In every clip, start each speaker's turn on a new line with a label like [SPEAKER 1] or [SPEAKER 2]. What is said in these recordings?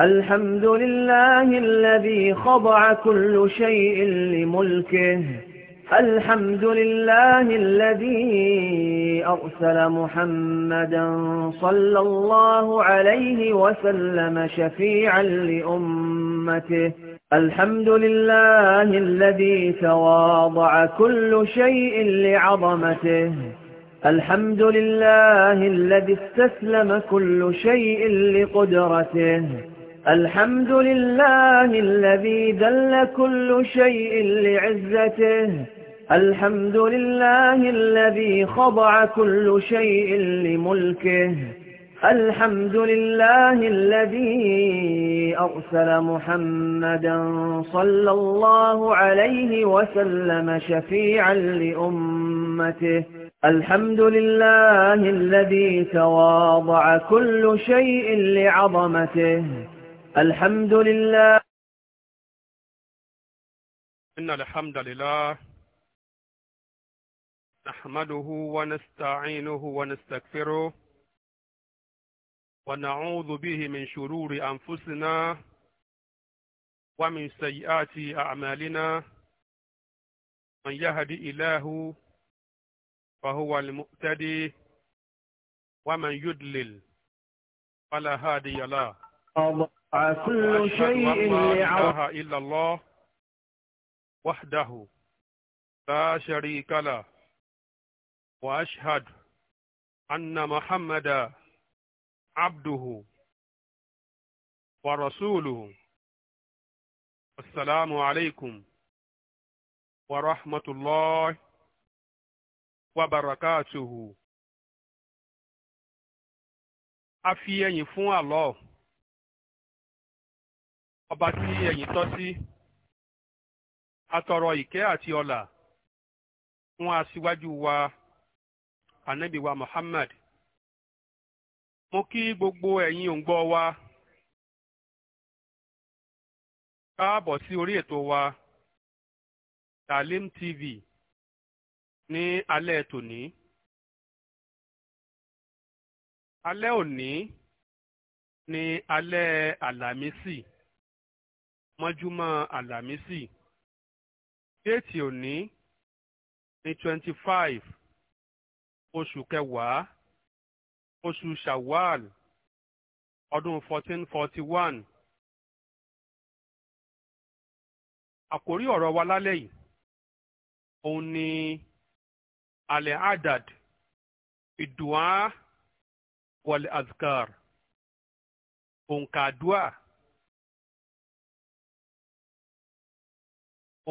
[SPEAKER 1] الحمد لله الذي خضع كل شيء لملكه الحمد لله الذي أرسل محمدا صلى الله عليه وسلم شفيعا لأمته الحمد لله الذي تواضع كل شيء لعظمته الحمد لله الذي استسلم كل شيء لقدرته الحمد لله الذي دل كل شيء لعزته الحمد لله الذي خضع كل شيء لملكه الحمد لله الذي أرسل محمدا صلى الله عليه وسلم شفيعا لأمته الحمد لله الذي تواضع كل شيء لعظمته الحمد لله إن الحمد لله نحمده ونستعينه ونستغفره ونعوذ به من شرور أنفسنا ومن سيئات أعمالنا من يهد إله فهو المؤتدي ومن يدلل فلا هادي له كل شيء لعرضها إلا الله وحده لا شريك له وأشهد أن محمدا عبده ورسوله السلام عليكم ورحمة الله وبركاته أفيني فون الله ọba tí ẹ̀yìn tọ́ sí atọrọ ìkẹ́ àti ọlà fún aṣíwájú wa ànábì Muhammad mo kí gbogbo ẹ̀yin òǹgbọ́ wa káàbọ̀ sí orí ètò wa Talim TV ní alẹ́ tòní alẹ́ òní ni alẹ́ àlàmísì. Si mọ́júmọ́ àlàmísì déètì òní ní twenty five oṣù kẹwàá oṣù shawwal ọdún fourteen forty one àkórí ọ̀rọ̀ wa lálẹ́ yìí òun ni alẹ́ adad ìdùá wọlé azkar òǹkàdùá.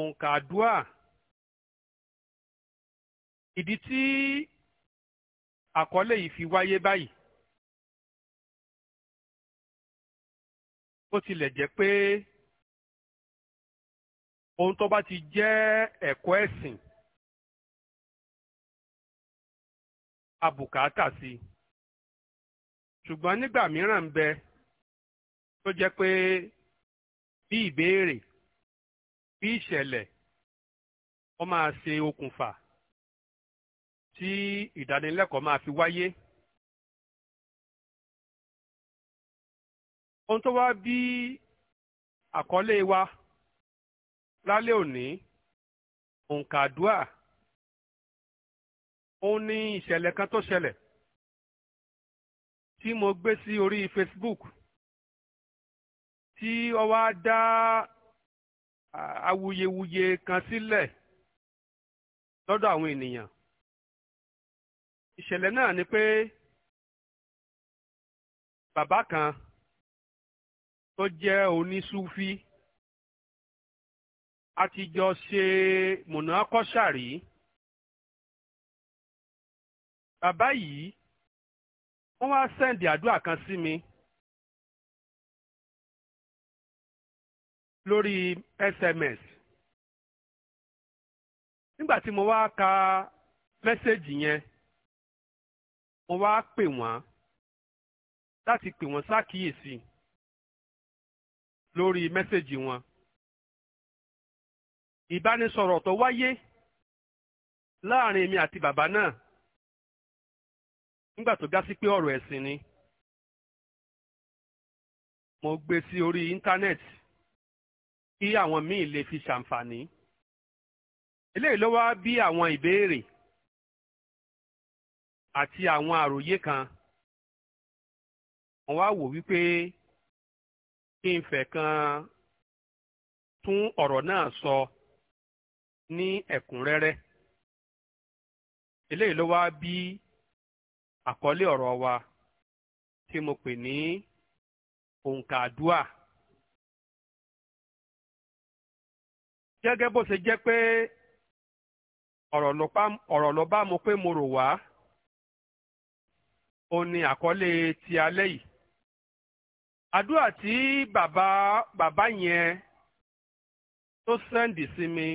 [SPEAKER 1] òǹkà àdúà ìdí tí àkọlé yìí fi wáyé báyìí ó tilẹ̀ jẹ́ pé ohun tó bá ti jẹ́ ẹ̀kọ́ ẹ̀sìn abùkátà sí ṣùgbọ́n nígbà mìíràn ń bẹ tó jẹ́ pé bí ìbéèrè bí ìṣẹ̀lẹ̀ ó máa ṣe okùnfà tí ìdánilẹ́kọ̀ọ́ máa fi wáyé. ohun tó wá bí àkọlé wa lálẹ́ òní òǹkàdúà ó ní ìṣẹ̀lẹ̀ kan tó ṣẹlẹ̀ tí mo gbé sí orí Facebook tí ó wá dá awuyewuye kan sílẹ̀ lọ́dọ̀ àwọn ènìyàn ìṣẹ̀lẹ̀ náà ni pé bàbá kan tó jẹ́ onísúfí a ti jọ ṣe mọ̀nàkọ́ṣàrí bàbá yìí wọ́n wá sẹ́ǹdì àdúrà kan sí mi. Si lórí sms nígbà tí mo wá ka mẹ́sẹ̀gì yẹn mo wá pè wọ́n láti pè wọ́n ṣàkíyèsí lórí mẹ́sẹ̀gì wọn ìbánisọ̀rọ̀ tó wáyé láàrin èmi àti bàbá náà nígbà tó gá sí pé ọ̀rọ̀ ẹ̀sìn ni mo gbé sí orí íńtánẹ́ẹ̀tì kí àwọn míì lè fi ṣàǹfààní. eléyìí ló wá bí àwọn ìbéèrè àti àwọn àròyé kan wọ́n wá wò wípé kí n fẹ́ kan tún ọ̀rọ̀ náà sọ ní ẹ̀kúnrẹ́rẹ́ eléyìí ló wá bí àkọlé ọ̀rọ̀ wa tí mo pè ní òǹkà gẹ́gẹ́ bó ṣe jẹ́ pé ọ̀rọ̀ ló bá mo pé mo rò wá ó ní àkọlé ti alẹ́ yìí àdúrà tí bàbá bàbá yẹn tó sẹ́ǹdì sí mi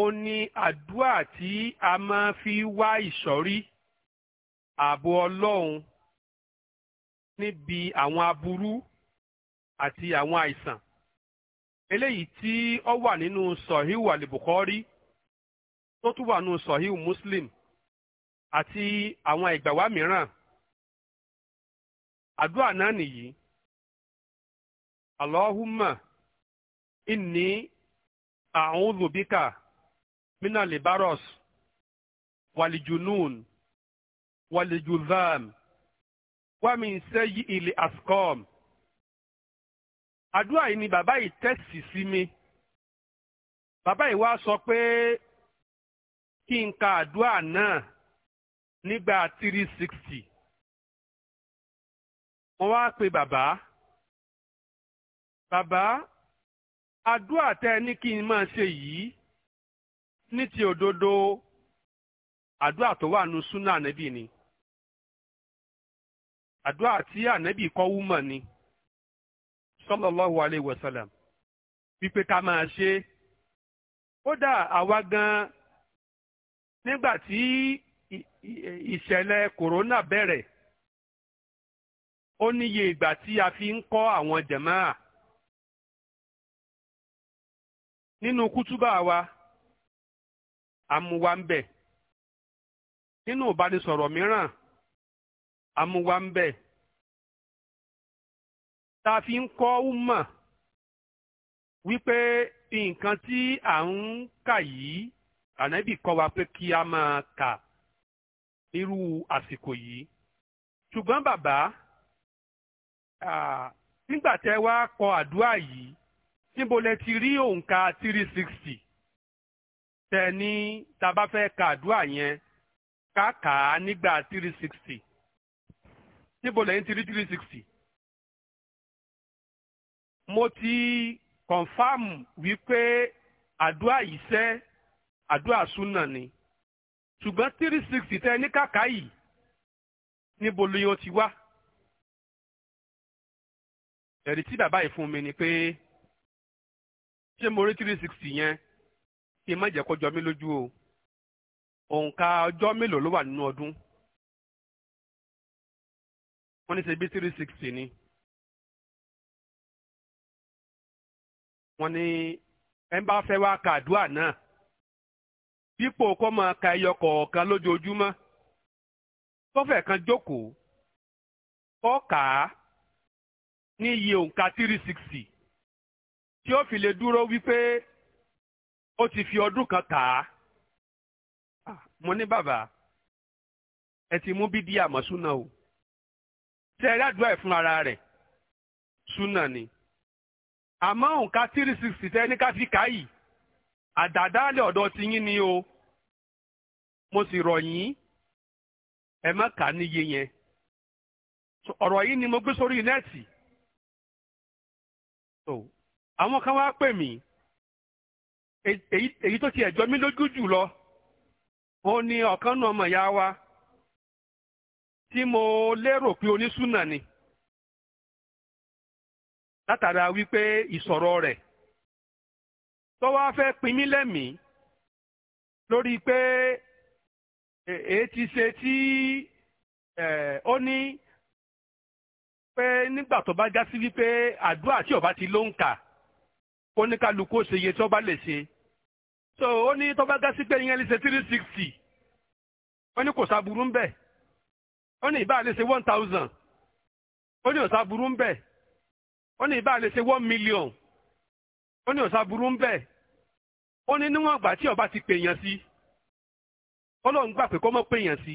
[SPEAKER 1] ó ní àdúrà tí a máa fi wá ìsọ̀rí ààbò ọlọ́run níbi àwọn aburú àti àwọn àìsàn eléyìí tí ọ wà nínú sọ̀híù àlìbùkọ́rí tó tún wà nínú sọ̀híù muslim àti àwọn ìgbàwá mìíràn àdúrà náà nìyí allahumma inni a'udhu bika mina libaros walijunun walijuzam wa min sayyi ili àdúrà yìí ni bàbá yìí tẹ́sì sí mi bàbá yìí wá sọ pé kí n ka àdúrà náà nígbà three sixty wọ́n wá pe bàbá bàbá àdúrà tẹ ní kí n máa ṣe yìí ní ti òdodo àdúrà tó wà nù súnà ànẹ́bì ni àdúrà tí ànẹ́bì kọ́ wúmọ̀ ni. sallallahu alayhi wa sallam wípé ká máa ṣe kódà àwa gan nígbà tí ìṣẹ̀lẹ̀ kòrónà bẹ̀rẹ̀ ó níye ìgbà tí a fi ń kọ́ àwọn jàmáà nínú kútúbà wa àmúwa ń bẹ̀ nínú ìbánisọ̀rọ̀ mìíràn àmúwa ń bẹ̀ tá a fi ń kọ́ ùmọ̀ wípé nǹkan tí à ń kà yìí ànábì kọ́ wa pé kí a máa kà irú àsìkò yìí ṣùgbọ́n bàbá nígbà tẹ́ wá kọ àdúrà yìí níbo lẹ ti rí òǹkà three sixty tẹ ní tá bá fẹ́ ka àdúrà yẹn ká kà á nígbà three sixty níbo lẹ́yìn ti rí three sixty mo ti kọ̀nfàmù wípé àdúrà yìí sẹ́ àdúrà súnà ni ṣùgbọ́n three sixty tẹ́ ní kàkà yìí níbo ló yóò ti wá ẹ̀rí tí bàbá yìí fún mi ni pé ṣé mo rí three sixty yẹn kí n má jẹ́ kó jọ mí lójú o òǹkà ọjọ́ mélòó ló wà nínú ọdún wọ́n ní ṣe bí three sixty ni. wọ́n ní ẹ bá fẹ́ wá kàdúà náà dípò kó máa ka ẹyọ kọ̀ọ̀kan lójoojúmọ́ tó kan jókòó kó kà á ní iye òǹkà three sixty tí ó fi lè dúró wípé ó ti fi ọdún kan kà á mo ní bàbá ẹ ti mú bídíà mọ́ súnà o tẹ́ ẹ rádùá fún ara rẹ̀ súnà ni. àmọ́ òǹkà three sixty tẹ́ ní ká fi kà àdàdálẹ̀ ọ̀dọ̀ ti yín ni o mo sì rọ̀ yín ẹ má kà níye yẹn ọ̀rọ̀ yìí ni mo gbé sórí nẹ́ẹ̀tì àwọn kan wá pè mí èyí tó ti jọ lójú lọ ó ní ọ̀kan náà wa tí mo lérò pé ni. látara wípé ìsọ̀rọ̀ rẹ̀ tó wá fẹ́ pin mí lẹ́mìí lórí pé èé ti ṣe tí ó ní pé nígbà tó bá já sí wípé àdúrà tí ọba ti ló ń kà kó ní kálukú ṣe iye tí ọba lè ṣe so ó ní tó bá já sí pé ìyẹn lè ṣe three sixty ó ní kò sáburú ń bẹ̀ ó ní ìbá lè ṣe one thousand ó ní ò sáburú ń bẹ̀ ó ní ìbá lè ṣe one million ó ní ọ̀sà burú ń bẹ̀ ó ní níwọ̀n ìgbà tí ọba ti pèèyàn sí ó lóun gbà pé kó mọ́ pèèyàn sí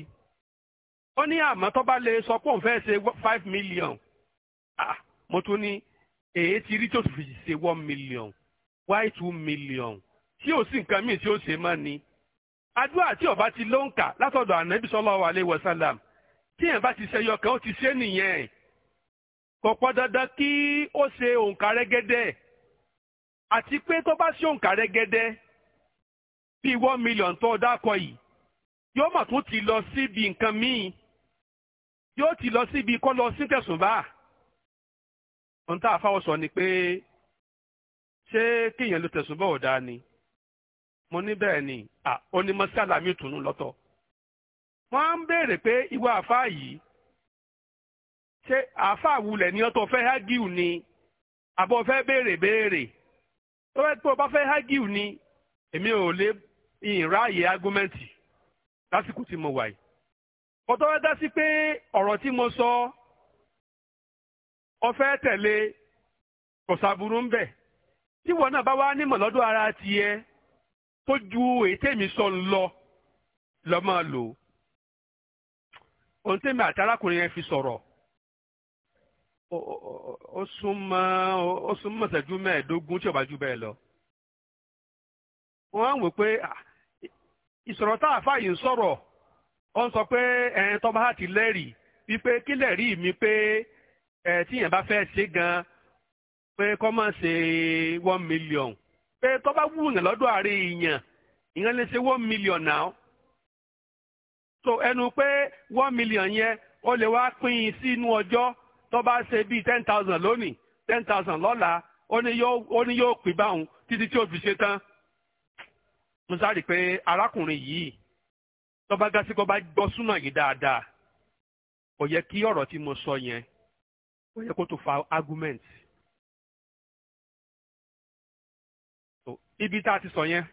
[SPEAKER 1] ó ní àmọ́ tó bá lè sọ pé òun fẹ́ ṣe five million ah mo tún ní èyí ti rí tí ó fi ṣe one million why two million tí ò sí nǹkan míì tí ó ṣe mọ́ ni àdúrà tí ọba ti ló ń kà látọ̀dọ̀ ànábì sallallahu alaihi wasallam tí èèyàn bá ti ṣe yọkàn ó ti ṣe nìyẹn kò pọn dandan kí ó ṣe òǹkà rẹ́gẹ́dẹ́ àti pé tó bá ṣe òǹkà rẹ́gẹ́dẹ́ bíi one million tó dákọ yìí yóò mà tún ti lọ síbi nǹkan míì yóò ti lọ síbi kọ́ lọ sí tẹ̀sùn bá ohun tá a fáwọn sọ ni pé ṣé kíyàn ló tẹ̀sùn bá ọ̀dà ni mo ní bẹ́ẹ̀ ni onímọ̀ sálàmì tùnú lọ́tọ̀ wọ́n á ń béèrè pé ìwà àfáà yìí ṣé àáfàá wulẹ̀ ni ọtọ̀ fẹ́ hágìú ni àbọ̀ fẹ́ béèrè béèrè tó fẹ́ tó bá fẹ́ hágìú ni èmi ò lè ìráàyè ágúmẹ́ǹtì lásìkò tí mo wà yìí ọtọ́ fẹ́ dá sí pé ọ̀rọ̀ tí mo sọ ọfẹ́ tẹ̀lé kọ̀sàbùrú ń bẹ̀ tí wọn náà bá wá nímọ̀ lọ́dọ̀ ara tiẹ̀ tó ju èyí tèmi sọ ń lọ lọ́mọ lò ohun tèmi àti arákùnrin yẹn fi sọ̀rọ̀. ó súnmọ́ ó súnmọ́ ìṣẹ́jú mẹ́ẹ̀ẹ́dógún tí ò bẹ́ẹ̀ lọ. wọ́n á wò pé ìsọ̀rọ̀ tá àfáà ń sọ̀rọ̀ ó ń ti lẹ́rìí wípé kí lẹ́rìí mi pé ẹ̀ ṣe gan pé kọ́ máa ṣe one million pé wù yàn lọ́dọ̀ àárẹ̀ ṣe one million náà. so ẹnu pé one million yẹn ó lè wá pín in tó bá ṣe bíi ten thousand lónìí ten thousand lọ́la ó ní yóò pín báwọn títí tí ó fi ṣe tán mo sáré pé arákùnrin yìí tó bá gá sí kó bá gbọ́ súnà yìí dáadáa kò yẹ kí ọ̀rọ̀ tí mo sọ yẹn kò yẹ kó tó fa argument. ibi tá a ti sọ yẹn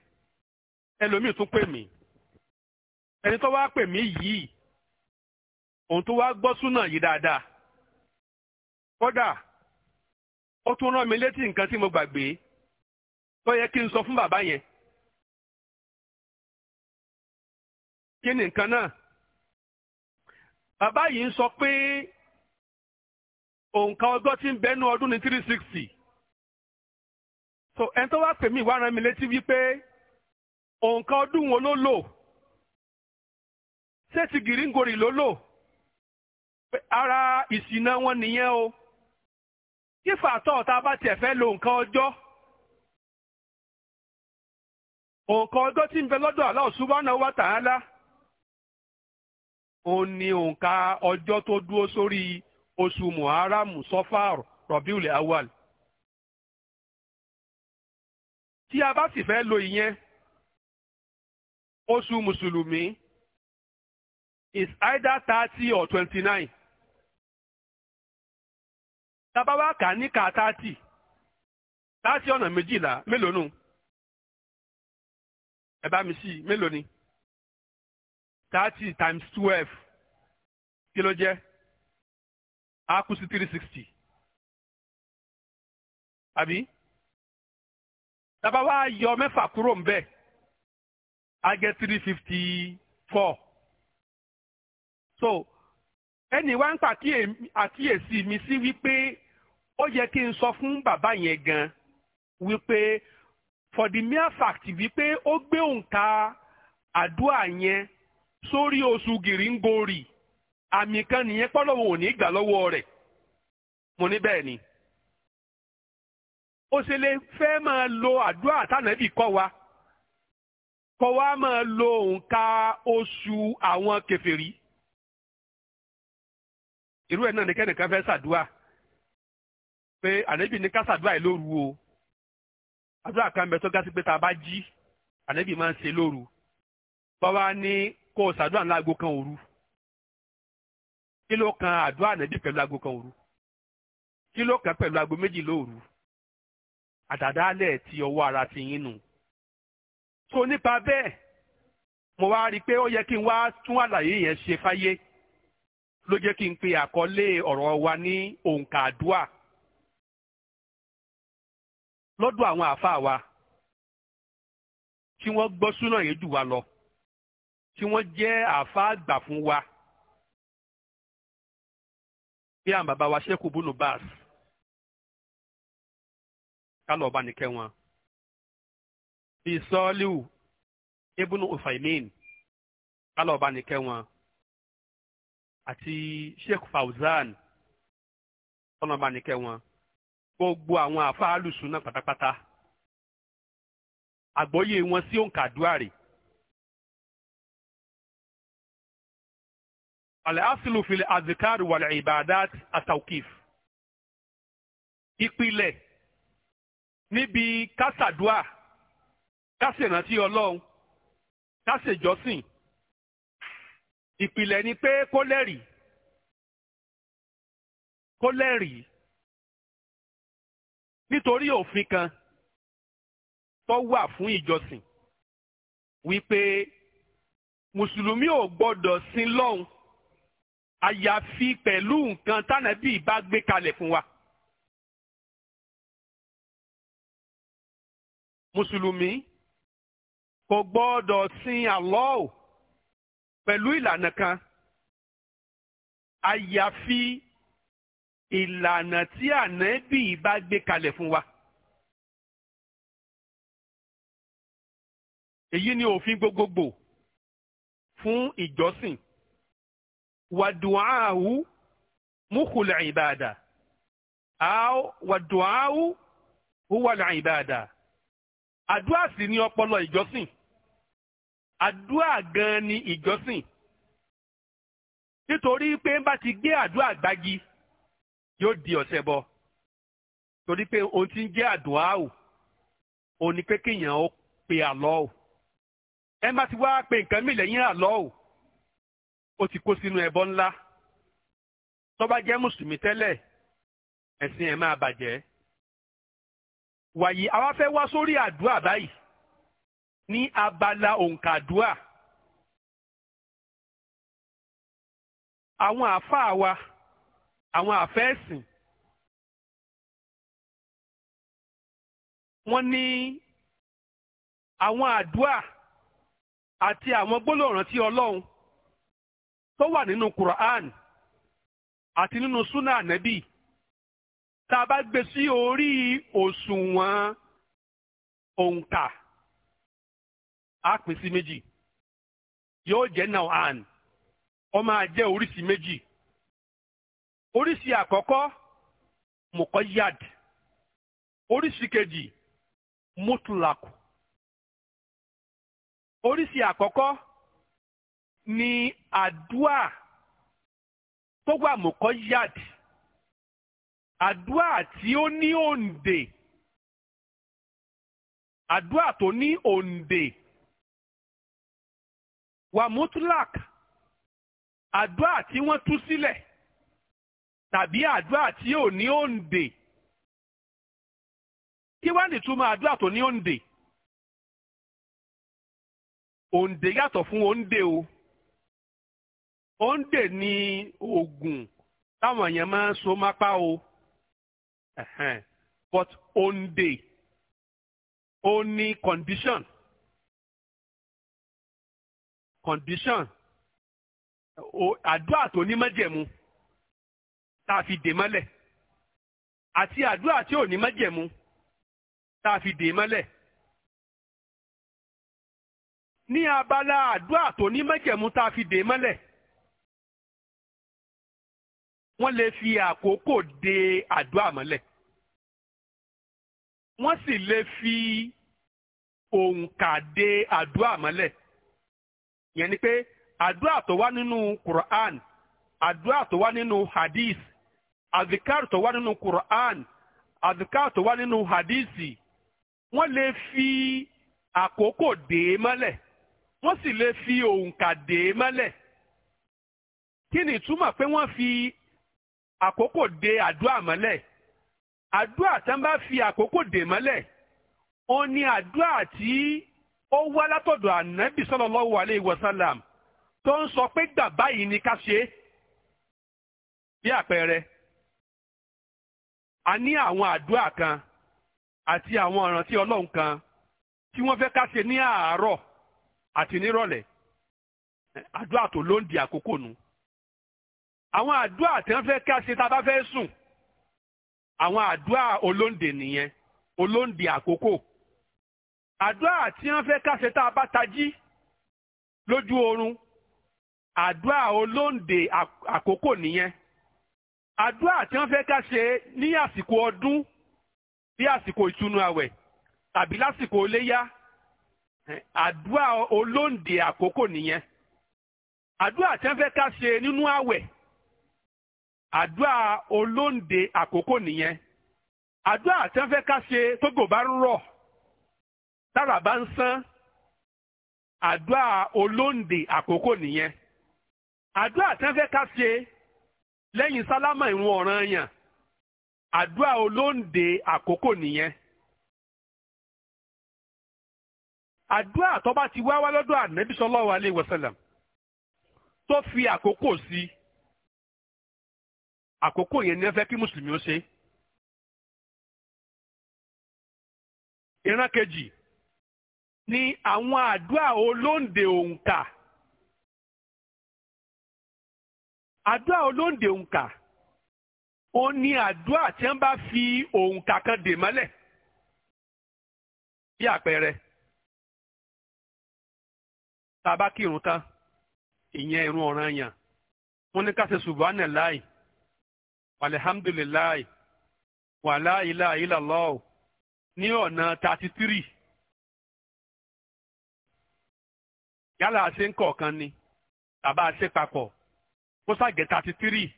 [SPEAKER 1] ẹlòmíì tún pè mí ẹni tó wá pè mí yìí òun tó wá gbọ́ súnà yìí dáadáa kódà ó tún rán mi létí nǹkan tí mo gbàgbé tó yẹ kí n sọ fún bàbá yẹn. kí ni nǹkan náà bàbá yìí ń sọ pé òǹkà ọjọ́ tí ń bẹnu ọdún ní three sixty so ẹni tó wá pè mí wá rán mi létí wípé òǹkà ọdún wo ló lò ṣé ti gìrìngorì ló lò ara ìṣìnà wọn nìyẹn o kí fàtọ́ ta bá tiẹ̀ fẹ́ lo nǹkan ọjọ́ òǹkà ọjọ́ tí ń bẹ lọ́dọ̀ Allah subhanahu wa ta'ala ó ní òǹkà ọjọ́ tó dúró sórí oṣù muharram sọfàr rọbíùl awal tí a bá sì fẹ́ lo ìyẹn oṣù mùsùlùmí is either thirty or twenty-nine tábà wá kà ní kà tààtì tààtì ọ̀nà méjìlá mélòó nù ẹ bá mi sí mélòó ni thirty times twelve kí ló jẹ́ a kù sí three sixty àbí tábà wá yọ mẹ́fà kúrò ń bẹ̀ a jẹ́ three fifty four so ẹnì wá ń pàkíyèsí mi sí wípé ó yẹ kí n sọ fún bàbá yẹn gan wípé for the mere fact wípé ó gbé òǹkà àdúrà yẹn sórí oṣù gìrìngorì àmì kan nìyẹn pọ́lọ́wọ́ ò ní gbà lọ́wọ́ rẹ̀ mo ní bẹ́ẹ̀ ni. ó ṣe lè fẹ́ máa lo àdúrà tànàbì kọ́ wa kọ́ wa máa lo òǹkà oṣù àwọn kèfèrí irú ẹ̀ náà ni kẹ́nìkan fẹ́ ṣàdúrà pé ànábì ní kásàdúrà yìí lóru o àdúrà kan bẹ tó gásí pé tá a bá jí ànábì máa ń ṣe lóru bàbá ní kó o sàdúrà ní aago kan òru kí ló kan àdúrà ànábì pẹ̀lú aago kan òru kí ló kan pẹ̀lú aago méjì lóru àdàdálẹ̀ ti ọwọ́ ara ti yín nù. so nípa bẹ́ẹ̀ mo wá rí i pé ó yẹ kí n wá tún àlàyé yẹn ṣe fáyé ló jẹ́ kí n pe àkọlé ọ̀rọ̀ wa ní òǹkà àdúà lọ́dọ̀ àwọn àáfàá wa tí wọ́n gbọ́ súnà yẹn jù wá lọ tí wọ́n jẹ́ àáfàá àgbà fún wa bí àwọn bàbá wa ṣẹ́kù bùnú báàs kálọ̀ ọba nìkẹ́ wọn bí sọ́ọ́lù ibùnú ufaimin kálọ̀ ọba nìkẹ́ wọn àti sheikh fauzan kálọ̀ ọba nìkẹ́ wọn. gbogbo àwọn àáfàá alùsùn náà pátápátá àgbọ́yé wọn sí òǹkàdúrà rè. al-aslu fil azikari wal ibadat atawkif ìpìlẹ̀ níbi kásàdúà kásìrántí ọlọ́run kásìjọsìn ìpìlẹ̀ ni pé kó lẹ́rìí nítorí òfin kan tó wà fún ìjọsìn wípé mùsùlùmí ò gbọ́dọ̀ sin lọ́hùn àyàfi pẹ̀lú nǹkan tánàbí bá gbé kalẹ̀ fún wa. mùsùlùmí kò gbọ́dọ̀ sin Allah pẹ̀lú ìlànà kan àyàfi ìlànà tí ànábì bá gbé kalẹ̀ fún wa. èyí ni òfin gbogbogbò fún ìjọsìn wàdùnàáhù múkùlẹ̀ ìbàdà wàdùnàáhù húwàlẹ̀ ìbàdà àdúrà sì ni ọpọlọ ìjọsìn àdúrà gan ni ìjọsìn nítorí pé bá ti gbé àdúrà gbági yóò di ọ̀sẹ̀ bọ torí pé ohun tí ń jẹ́ àdúrà o òun ni pé kéèyàn ó pe àlọ́ o ẹ má ti wá pe nǹkan mìíràn lẹ́yìn àlọ́ o ó ti kó sínú ẹbọ ńlá tó jẹ́ mùsùlùmí tẹ́lẹ̀ ẹ̀sìn ẹ̀ máa bàjẹ́ wàyí àwa fẹ́ wá sórí àdúrà báyìí ní abala òǹkà àdúrà àwọn àáfàá wa àwọn àfẹ́sìn wọ́n ní àwọn àdúà àti àwọn gbólóòrán tí ọlọ́run tó wà nínú Quran àti nínú súnà ànábì tá a bá gbé sí orí òṣùwọ̀n òǹkà á pín sí méjì yóò jẹ́ náà àn ó máa jẹ́ oríṣìí méjì oríṣi àkọ́kọ́ mukoyad oríṣi kejì mutlak oríṣi àkọ́kọ́ ni àdúà tó wà mukoyad àdúà tí ó ní òǹdè adua tó ní òǹdè wà mutlak àdúà tí wọ́n tú sílẹ̀. Si tàbí àdúrà tí ò ní òǹdè kí wá ní túmọ̀ àdúrà tó ní òǹdè òǹdè yàtọ̀ fún òǹdè o òǹdè ni oògùn táwọn èèyàn máa ń so mápá o but òǹdè ó ní condition condition àdúrà tó ní májẹ̀mú tá a fi dè mọ́lẹ̀ àti àdúrà tí ò ní májẹ̀mú tá a fi dè mọ́lẹ̀. ní abala àdúrà tó ní májẹ̀mú tá a fi dè mọ́lẹ̀ wọ́n lè fi àkókò dè àdúrà mọ́lẹ̀ wọ́n sì lè fi òǹkà dè àdúrà mọ́lẹ̀ yẹn pé àdúrà tó wá nínú Quran àdúrà tó wá nínú hadith azikar tó wá nínú Quran azikar tó wá nínú hadisi wọ́n lè fi àkókò dè é mọ́lẹ̀ wọ́n sì lè fi òǹkà dè é mọ́lẹ̀ kí ni ìtumọ̀ pé wọ́n fi àkókò dè àdúrà mọ́lẹ̀ àdúrà tí bá fi àkókò dè mọ́lẹ̀ ó ní àdúrà tí ó wá látọ̀dọ̀ ànábì sallallahu alayhi wa sallam tó ń sọ pé gbà báyìí ni ká ṣe bí àpẹẹrẹ a ní àwọn àdúrà kan àti àwọn ìrántí ọlọ́run kan tí wọ́n fẹ́ ká ṣe ní àárọ̀ àti nírọ̀lẹ́ àdúrà tó ló ń di àkókò nu àwọn àdúrà tí wọ́n fẹ́ ká ṣe tá a bá fẹ́ sùn àwọn àdúrà olóǹde nìyẹn olóǹde àkókò àdúrà tí wọ́n fẹ́ ká ṣe tá a bá tají lójú oorun àdúrà olóǹde àkókò nìyẹn àdúrà tí wọ́n fẹ́ ká ṣe ní àsìkò ọdún bí àsìkò ìtúnu àwẹ̀ tàbí lásìkò iléyá àdúrà olóǹdè àkókò nìyẹn àdúrà tí wọ́n fẹ́ ká ṣe nínú àwẹ̀ àdúrà olóǹdè àkókò nìyẹn àdúrà tí wọ́n fẹ́ ká ṣe tógò bá ń rọ̀ tára bá ń sán àdúrà olóǹdè àkókò nìyẹn àdúrà tí wọ́n fẹ́ ká ṣe lẹ́yìn sálámà ìrun ọ̀ràn yàn àdúrà olóǹde àkókò nìyẹn. àdúrà tó bá ti wá wá lọ́dọ̀ ànábì sallallahu alaihi wasallam tó fi àkókò sí àkókò yẹn ni wọ́n fẹ́ kí mùsùlùmí ó ṣe. ìran kejì ni àwọn àdúrà olóǹde òǹkà. àdúrà olóǹde òǹkà ó ní àdúrà tí wọ́n bá fi òǹkà kan dè mọ́lẹ̀ bí àpẹẹrẹ tá a bá kírun tán ìyẹn irun ọ̀ràn yàn wọ́n ní ká ṣe subhanallahi alhamdulillahi wala ilaha illallah ní ọ̀nà thirty three yálà ṣe ń kọ̀ọ̀kan ni tàbá ṣe papọ̀ kó ṣàjẹ́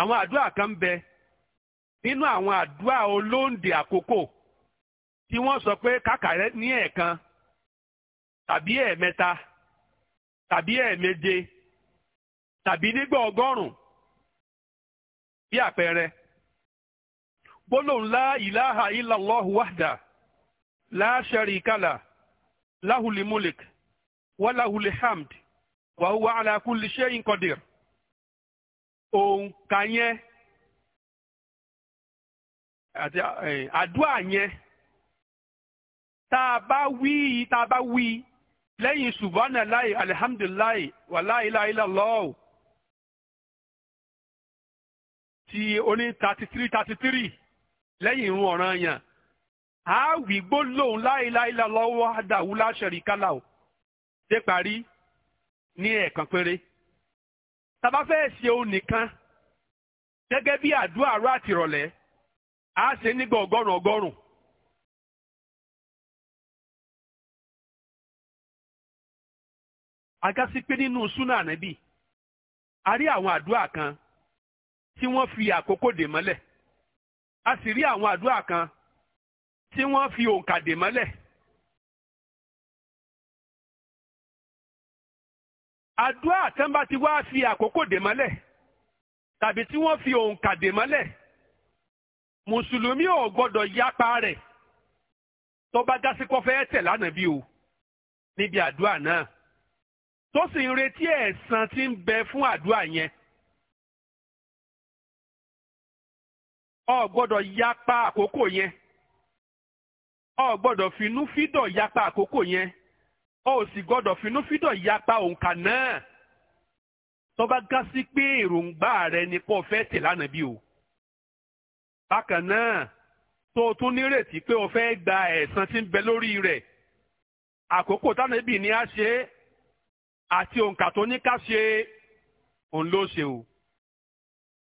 [SPEAKER 1] àwọn àdúrà kan bẹ nínú àwọn àdúrà olóǹdè àkókò tí wọ́n sọ pé kàkà ní tàbí ẹ̀ẹ̀mẹ́ta tàbí ẹ̀ẹ̀méje tàbí nígbọ̀ ọgọ́rùn-ún bí la ilaha wahda la sharika la wa wa huwa ala kulli shay'in qadir òǹkà yẹn àti àdúrà yẹn tá a bá wí tá a bá wí lẹ́yìn subhanallahi alihamdulilayi wa la ilaha illallah ti oní thirty three thirty three lẹ́yìn irun ọ̀ràn yẹn a wí gbólóhùn la ilaha illallah wahdahu la sharika lahu dé parí. ní ẹ̀ẹ̀kan péré tàbá fẹ́ ṣe òun nìkan gẹ́gẹ́ bí àdúrà àárọ̀ àti ìrọ̀lẹ́ á ṣe nígbà ọgọ́rùn ọgọ́rùn. agasi pé nínú súnà ànábì a rí àwọn àdúrà kan tí wọ́n fi àkókò dè mọ́lẹ̀ a sì rí àwọn àdúrà kan tí wọ́n fi òǹkà dè mọ́lẹ̀ àdúrà tán bá ti wá fi àkókò dè mọ́lẹ̀ tàbí tí wọ́n fi òǹkà dè mọ́lẹ̀ mùsùlùmí ò gbọ́dọ̀ yapa rẹ̀ tó bá dá sí kọ́fẹ́ tẹ̀ lánàá bí o níbi àdúrà náà tó sì ń retí ẹ̀san tí ń bẹ fún àdúrà yẹn. ọ gbọ́dọ̀ yapa àkókò yẹn ọ gbọ́dọ̀ finú fídọ̀ yapa àkókò yẹn o ò sì gbọ́dọ̀ finúfídọ̀ yapa òǹkà náà tó bá gá sí pé èròǹgbà rẹ ni pọ̀ fẹ́ tẹ̀ lánàá bí o. bákan náà tó o tún nírètí pé o fẹ́ gba ẹ̀san tí ń bẹ lórí rẹ̀ àkókò tánàbì ni a ṣe àti òǹkà tó ní ká ṣe òun ló ṣe o.